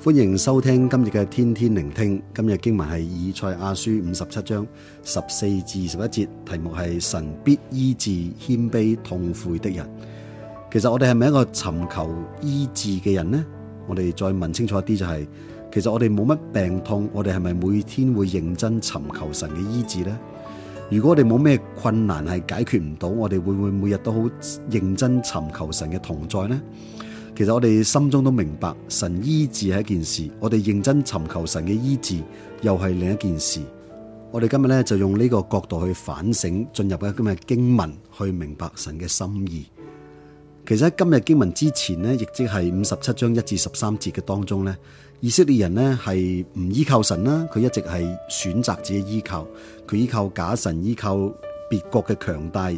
歡迎收聽今日嘅天天聆聽。今日經文係以賽亞書五十七章十四至二十一節，題目係神必醫治謙卑痛悔的人。其實我哋係咪一個尋求醫治嘅人呢？我哋再問清楚一啲，就是，就係其實我哋冇乜病痛，我哋係咪每天會認真尋求神嘅醫治呢？如果我哋冇咩困難係解決唔到，我哋會唔會每日都好認真尋求神嘅同在呢？其實我哋心中都明白，神醫治係一件事，我哋認真尋求神嘅醫治又係另一件事。我哋今日咧就用呢個角度去反省，進入啊今日經文去明白神嘅心意。其實喺今日經文之前呢，亦即係五十七章一至十三節嘅當中呢，以色列人呢係唔依靠神啦，佢一直係選擇自己依靠，佢依靠假神，依靠、別國嘅強大，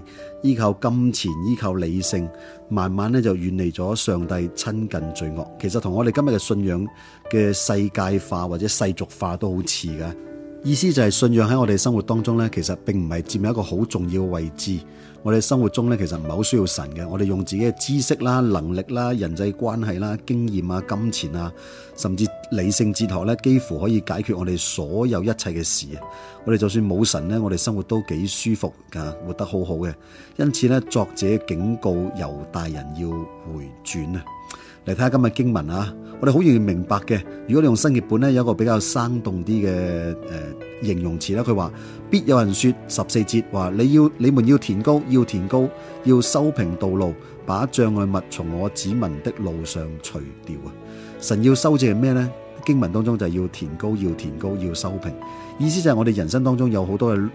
依靠金錢，依靠理性，慢慢咧就遠離咗上帝親近罪惡。其實同我哋今日嘅信仰嘅世界化或者世俗化都好似㗎。意思就係信仰喺我哋生活當中咧，其實並唔係佔一個好重要嘅位置。我哋生活中咧，其實唔係好需要神嘅。我哋用自己嘅知識啦、能力啦、人際關係啦、經驗啊、金錢啊，甚至理性哲學咧，幾乎可以解決我哋所有一切嘅事我們。我哋就算冇神咧，我哋生活都幾舒服㗎，活得很好好嘅。因此咧，作者警告猶大人要回轉啊！嚟睇下今日經文啊！我哋好容易明白嘅。如果你用新譯本咧，有一個比較生動啲嘅誒形容詞啦。佢話，必有人說，十四節話，你要，你們要填高，要填高，要修平道路，把障礙物從我子民的路上除掉啊！神要修正係咩咧？經文當中就要填高，要填高，要修平，意思就係我哋人生當中有好多嘅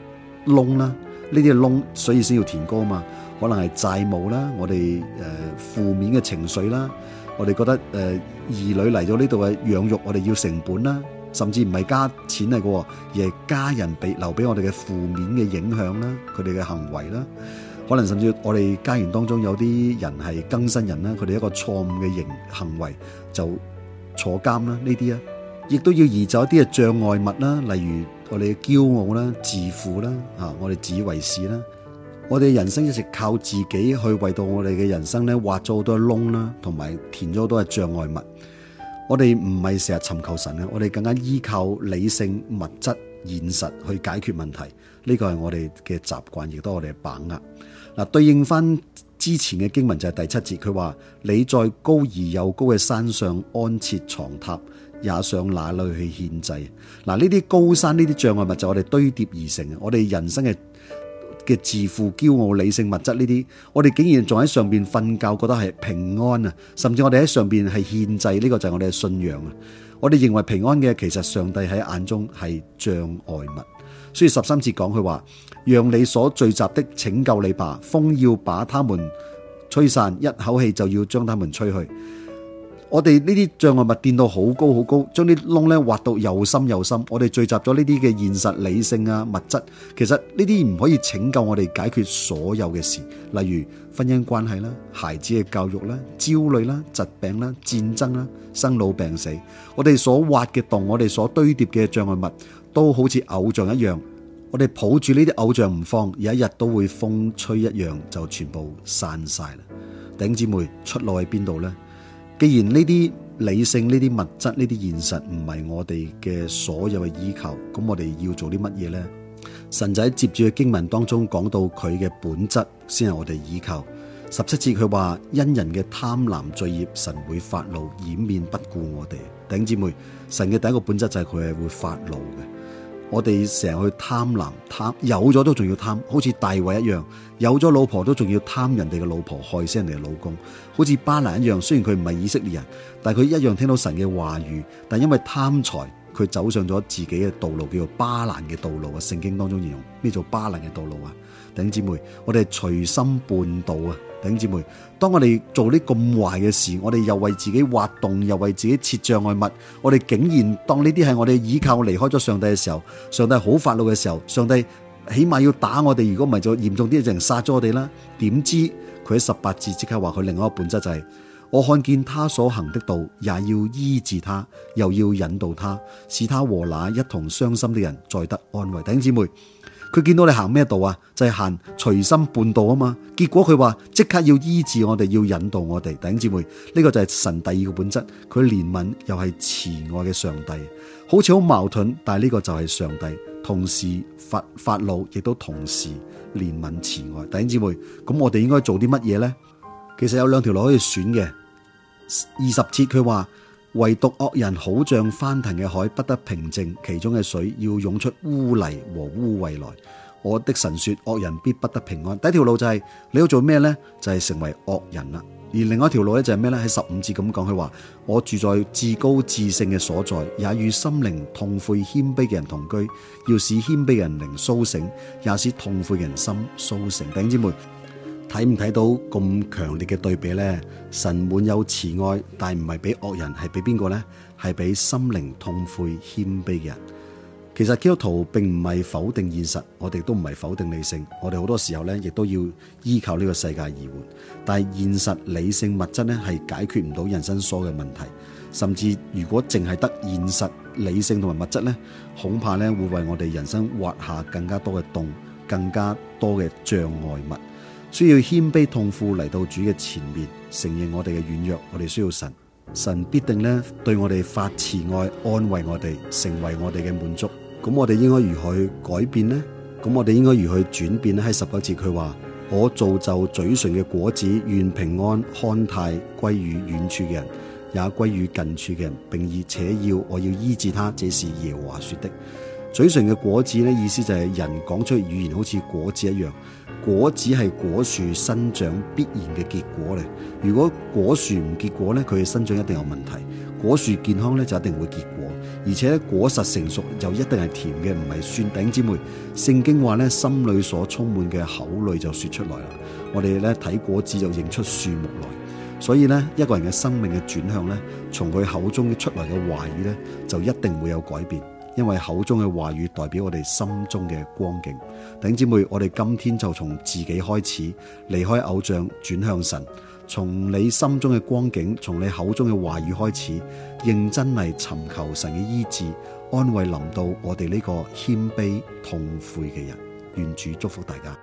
窿啦，呢啲窿所以先要填高嘛。可能係債務啦，我哋誒、呃、負面嘅情緒啦。我哋覺得誒，兒女嚟咗呢度嘅養育，我哋要成本啦，甚至唔係加錢嚟嘅，而係家人俾留俾我哋嘅負面嘅影響啦，佢哋嘅行為啦，可能甚至我哋家園當中有啲人係更生人啦，佢哋一個錯誤嘅行行為就坐監啦，呢啲啊，亦都要移走一啲嘅障礙物啦，例如我哋嘅驕傲啦、自負啦啊，我哋自以為是啦。我哋人生一直靠自己去為到我哋嘅人生咧挖咗好多窿啦，同埋填咗好多嘅障礙物。我哋唔係成日尋求神嘅，我哋更加依靠理性、物質、現實去解決問題。呢個係我哋嘅習慣，亦都我哋嘅把握。嗱，對應翻之前嘅經文就係第七節，佢話：「你在高而又高嘅山上安設床榻，也上那裡去獻祭。」嗱，呢啲高山、呢啲障礙物就我哋堆疊而成。我哋人生嘅。嘅自負、驕傲、理性、物質呢啲，我哋竟然仲喺上邊瞓覺，覺得係平安啊！甚至我哋喺上邊係獻祭，呢個就係我哋嘅信仰啊！我哋認為平安嘅，其實上帝喺眼中係障礙物。所以十三節講佢話，讓你所聚集的拯救你吧，風要把他們吹散，一口氣就要將他們吹去。我哋呢啲障礙物墊到好高好高，將啲窿咧挖到又深又深。我哋聚集咗呢啲嘅現實理性啊、物質，其實呢啲唔可以拯救我哋解決所有嘅事，例如婚姻關係啦、孩子嘅教育啦、焦慮啦、疾病啦、戰爭啦、生老病死。我哋所挖嘅洞，我哋所堆疊嘅障礙物，都好似偶像一樣。我哋抱住呢啲偶像唔放，有一日都會風吹一樣就全部散晒啦。頂姊妹出路喺邊度呢？既然呢啲理性、呢啲物質、呢啲現實唔係我哋嘅所有嘅依靠，咁我哋要做啲乜嘢咧？神喺接住嘅經文當中講到佢嘅本質先係我哋依靠。十七節佢話因人嘅貪婪罪孽，神會發怒，掩面不顧我哋。弟兄姊妹，神嘅第一個本質就係佢係會發怒嘅。我哋成日去貪婪貪，有咗都仲要貪，好似大衛一樣，有咗老婆都仲要貪人哋嘅老婆，害死人哋嘅老公，好似巴蘭一樣。雖然佢唔係以色列人，但係佢一樣聽到神嘅話語，但因為貪財，佢走上咗自己嘅道路，叫做巴蘭嘅道路啊！聖經當中形容咩做巴蘭嘅道路啊？頂姊妹，我哋係隨心背道啊！頂姊妹，當我哋做啲咁壞嘅事，我哋又為自己挖洞，又為自己設障礙物，我哋竟然當呢啲係我哋倚靠離開咗上帝嘅時候，上帝好發怒嘅時候，上帝起碼要打我哋，如果唔係就嚴重啲就殺咗我哋啦、啊。點知佢喺十八字即刻話佢另外一個本質就係、是：我看見他所行的道，也要醫治他，又要引導他，使他和那一同傷心的人再得安慰。頂姊妹。佢見到你行咩道啊？就係行隨心背道啊嘛。結果佢話即刻要醫治我哋，要引導我哋。弟兄姊妹，呢個就係神第二個本質，佢憐憫又係慈愛嘅上帝，好似好矛盾，但係呢個就係上帝，同時發發怒，亦都同時憐憫慈愛。弟兄姊妹，咁我哋應該做啲乜嘢咧？其實有兩條路可以選嘅。二十節佢話。唯獨惡人好像翻騰嘅海，不得平靜，其中嘅水要湧出污泥和污穢來。我的神說，惡人必不得平安。第一條路就係、是、你要做咩呢？就係、是、成為惡人啦。而另外一條路咧就係咩呢？喺十五節咁講佢話，我住在至高至聖嘅所在，也與心靈痛悔謙卑嘅人同居，要使謙卑人靈蘇醒，也使痛悔人心蘇醒。弟兄姐妹。睇唔睇到咁強烈嘅對比呢？神滿有慈愛，但唔係俾惡人，係俾邊個呢？係俾心靈痛悔謙卑嘅人。其實基督徒並唔係否定現實，我哋都唔係否定理性，我哋好多時候呢，亦都要依靠呢個世界而活。但係現實理性物質呢，係解決唔到人生所有嘅問題。甚至如果淨係得現實理性同埋物質呢，恐怕呢會為我哋人生挖下更加多嘅洞，更加多嘅障礙物。需要謙卑痛悔嚟到主嘅前面，承認我哋嘅軟弱，我哋需要神，神必定咧對我哋發慈愛，安慰我哋，成為我哋嘅滿足。咁我哋應該如何去改變呢？咁我哋應該如何去轉變呢？喺十九節佢話：我造就嘴唇嘅果子，願平安康泰歸於遠處嘅人，也歸於近處嘅人，並且要我要醫治他，這是耶和華說的。嘴唇嘅果子咧，意思就係人講出語言好似果子一樣，果子係果樹生長必然嘅結果。如果果樹唔結果咧，佢嘅生長一定有問題。果樹健康咧就一定會結果，而且果實成熟就一定係甜嘅，唔係酸頂之梅，聖經話咧，心裏所充滿嘅口裏就說出來啦。我哋咧睇果子就認出樹木來，所以咧一個人嘅生命嘅轉向咧，從佢口中出來嘅話語咧，就一定會有改變。因為口中嘅話語代表我哋心中嘅光景，弟兄姊妹，我哋今天就從自己開始，離開偶像轉向神，從你心中嘅光景，從你口中嘅話語開始，認真嚟尋求神嘅醫治、安慰，臨到我哋呢個謙卑痛悔嘅人，願主祝福大家。